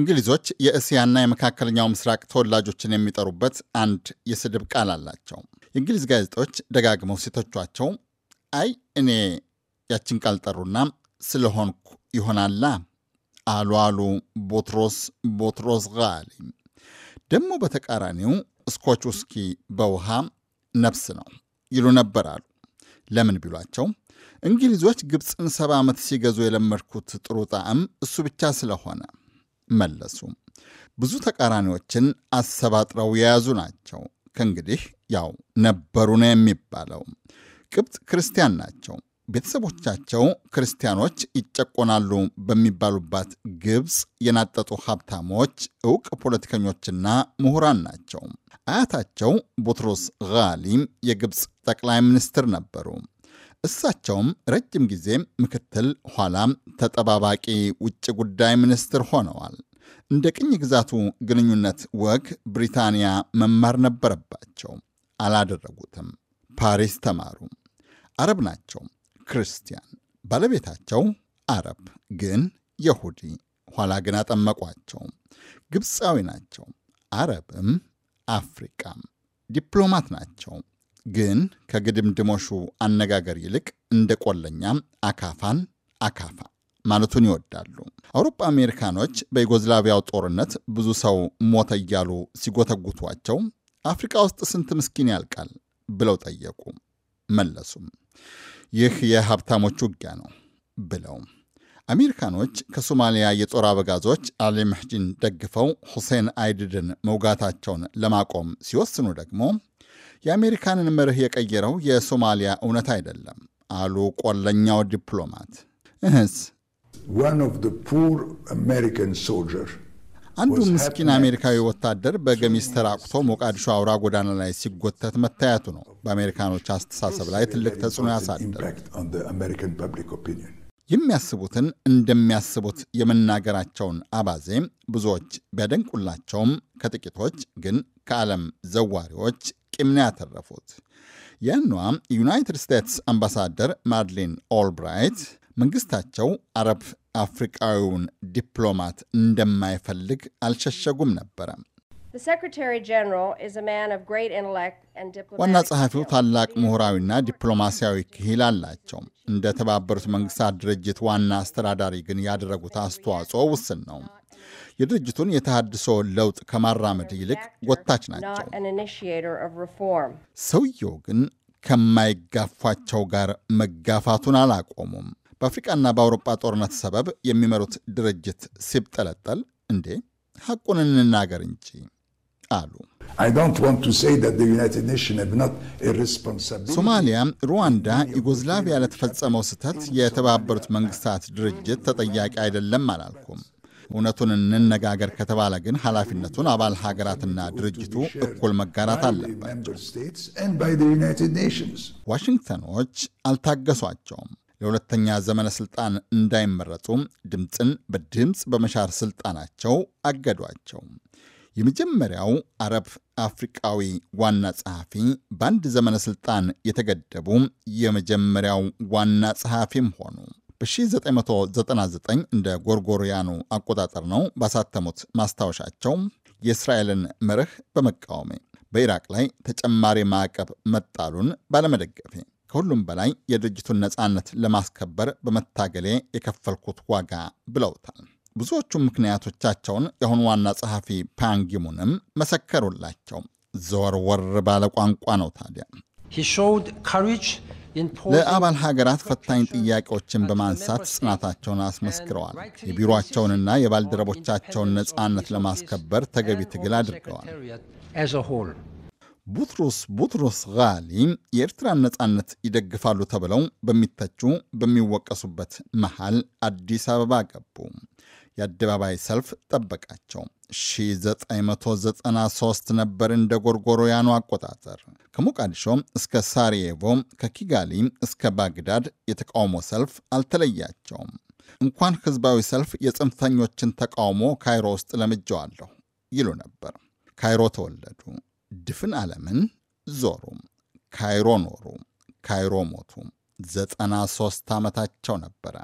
እንግሊዞች የእስያና የመካከለኛው ምስራቅ ተወላጆችን የሚጠሩበት አንድ የስድብ ቃል አላቸው። የእንግሊዝ ጋዜጦች ደጋግመው ሲተቿቸው፣ አይ እኔ ያችን ቃል ጠሩና ስለሆንኩ ይሆናላ አሉ አሉ ቦትሮስ ቦትሮስ ጋሊ። ደግሞ በተቃራኒው ስኮች ውስኪ በውሃ ነፍስ ነው ይሉ ነበር አሉ። ለምን ቢሏቸው እንግሊዞች ግብፅን ሰባ ዓመት ሲገዙ የለመድኩት ጥሩ ጣዕም እሱ ብቻ ስለሆነ መለሱ። ብዙ ተቃራኒዎችን አሰባጥረው የያዙ ናቸው። ከእንግዲህ ያው ነበሩ ነው የሚባለው። ቅብጥ ክርስቲያን ናቸው። ቤተሰቦቻቸው ክርስቲያኖች ይጨቆናሉ በሚባሉባት ግብፅ የናጠጡ ሀብታሞች፣ እውቅ ፖለቲከኞችና ምሁራን ናቸው። አያታቸው ቡትሮስ ጋሊም የግብፅ ጠቅላይ ሚኒስትር ነበሩ። እሳቸውም ረጅም ጊዜ ምክትል ኋላም ተጠባባቂ ውጭ ጉዳይ ሚኒስትር ሆነዋል። እንደ ቅኝ ግዛቱ ግንኙነት ወግ ብሪታንያ መማር ነበረባቸው። አላደረጉትም። ፓሪስ ተማሩ። አረብ ናቸው፣ ክርስቲያን። ባለቤታቸው አረብ ግን የሁዲ፣ ኋላ ግን አጠመቋቸው። ግብፃዊ ናቸው፣ አረብም አፍሪቃም። ዲፕሎማት ናቸው፣ ግን ከግድምድሞሹ አነጋገር ይልቅ እንደ ቆለኛም አካፋን አካፋ ማለቱን ይወዳሉ። አውሮፓ አሜሪካኖች በዩጎዝላቪያው ጦርነት ብዙ ሰው ሞተ እያሉ ሲጎተጉቷቸው አፍሪካ ውስጥ ስንት ምስኪን ያልቃል ብለው ጠየቁ። መለሱም ይህ የሀብታሞች ውጊያ ነው ብለው አሜሪካኖች ከሶማሊያ የጦር አበጋዞች አሊ መህጂን ደግፈው ሁሴን አይድድን መውጋታቸውን ለማቆም ሲወስኑ ደግሞ የአሜሪካንን መርህ የቀየረው የሶማሊያ እውነት አይደለም አሉ ቆለኛው ዲፕሎማት። እህስ አንዱ ምስኪን አሜሪካዊ ወታደር በገሚስ ተራቁቶ ሞቃዲሾ አውራ ጎዳና ላይ ሲጎተት መታየቱ ነው በአሜሪካኖች አስተሳሰብ ላይ ትልቅ ተጽዕኖ ያሳደረ። የሚያስቡትን እንደሚያስቡት የመናገራቸውን አባዜ ብዙዎች ቢያደንቁላቸውም ከጥቂቶች ግን ከዓለም ዘዋሪዎች ጭምና ነው ያተረፉት። ያኗ ዩናይትድ ስቴትስ አምባሳደር ማድሊን ኦልብራይት መንግስታቸው አረብ አፍሪቃዊውን ዲፕሎማት እንደማይፈልግ አልሸሸጉም ነበረ። ዋና ጸሐፊው ታላቅ ምሁራዊና ዲፕሎማሲያዊ ክሂል አላቸው። እንደ ተባበሩት መንግስታት ድርጅት ዋና አስተዳዳሪ ግን ያደረጉት አስተዋጽኦ ውስን ነው። የድርጅቱን የተሃድሶ ለውጥ ከማራመድ ይልቅ ጎታች ናቸው። ሰውየው ግን ከማይጋፏቸው ጋር መጋፋቱን አላቆሙም። በአፍሪቃና በአውሮጳ ጦርነት ሰበብ የሚመሩት ድርጅት ሲብጠለጠል እንዴ ሐቁን እንናገር እንጂ አሉ። ሶማሊያ፣ ሩዋንዳ፣ ዩጎዝላቪያ ለተፈጸመው ስህተት የተባበሩት መንግስታት ድርጅት ተጠያቂ አይደለም አላልኩም። እውነቱን እንነጋገር ከተባለ ግን ኃላፊነቱን አባል ሀገራትና ድርጅቱ እኩል መጋራት አለባቸው። ዋሽንግተኖች አልታገሷቸውም። ለሁለተኛ ዘመነ ስልጣን እንዳይመረጡ ድምፅን በድምፅ በመሻር ስልጣናቸው አገዷቸው። የመጀመሪያው አረብ አፍሪቃዊ ዋና ጸሐፊ በአንድ ዘመነ ስልጣን የተገደቡ የመጀመሪያው ዋና ጸሐፊም ሆኑ። በ1999 እንደ ጎርጎሪያኑ አቆጣጠር ነው ባሳተሙት ማስታወሻቸው የእስራኤልን መርህ በመቃወሜ በኢራቅ ላይ ተጨማሪ ማዕቀብ መጣሉን ባለመደገፌ ከሁሉም በላይ የድርጅቱን ነፃነት ለማስከበር በመታገሌ የከፈልኩት ዋጋ ብለውታል። ብዙዎቹ ምክንያቶቻቸውን የአሁኑ ዋና ጸሐፊ ፓንጊሙንም መሰከሩላቸው። ዘወርወር ባለ ቋንቋ ነው ታዲያ ለአባል ሀገራት ፈታኝ ጥያቄዎችን በማንሳት ጽናታቸውን አስመስክረዋል። የቢሮአቸውንና የባልደረቦቻቸውን ነጻነት ለማስከበር ተገቢ ትግል አድርገዋል። ቡትሩስ ቡትሩስ ጋሊ የኤርትራን ነጻነት ይደግፋሉ ተብለው በሚተቹ በሚወቀሱበት መሃል አዲስ አበባ ገቡ። የአደባባይ ሰልፍ ጠበቃቸው። 1993 ነበር እንደ ጎርጎሮያኑ አቆጣጠር። ከሞቃዲሾ እስከ ሳሪየቮ፣ ከኪጋሊ እስከ ባግዳድ የተቃውሞ ሰልፍ አልተለያቸውም። እንኳን ህዝባዊ ሰልፍ የጽንፈኞችን ተቃውሞ ካይሮ ውስጥ ለምጀዋለሁ ይሉ ነበር። ካይሮ ተወለዱ፣ ድፍን ዓለምን ዞሩ፣ ካይሮ ኖሩ፣ ካይሮ ሞቱ። 93 ዓመታቸው ነበረ።